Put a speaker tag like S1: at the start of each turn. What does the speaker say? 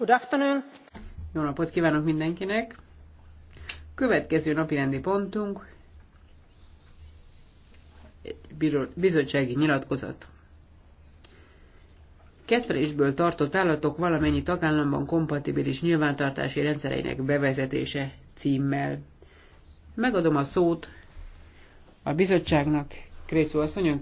S1: Good afternoon. Jó napot kívánok mindenkinek. Következő napi rendi pontunk egy bizottsági nyilatkozat. Kettelésből tartott állatok valamennyi tagállamban kompatibilis nyilvántartási rendszereinek bevezetése címmel. Megadom a szót
S2: a bizottságnak, Krécu asszonyon